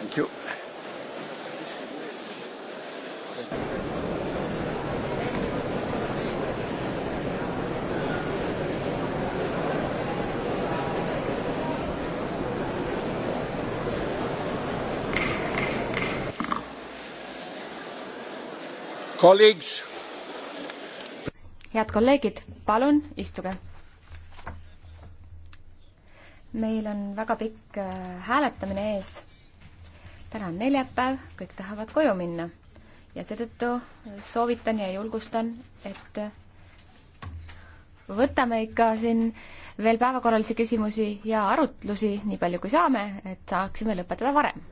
Thank you. Colleagues. head kolleegid, palun istuge. meil on väga pikk äh, hääletamine ees täna on neljapäev, kõik tahavad koju minna ja seetõttu soovitan ja julgustan, et võtame ikka siin veel päevakorralisi küsimusi ja arutlusi, nii palju kui saame, et saaksime lõpetada varem.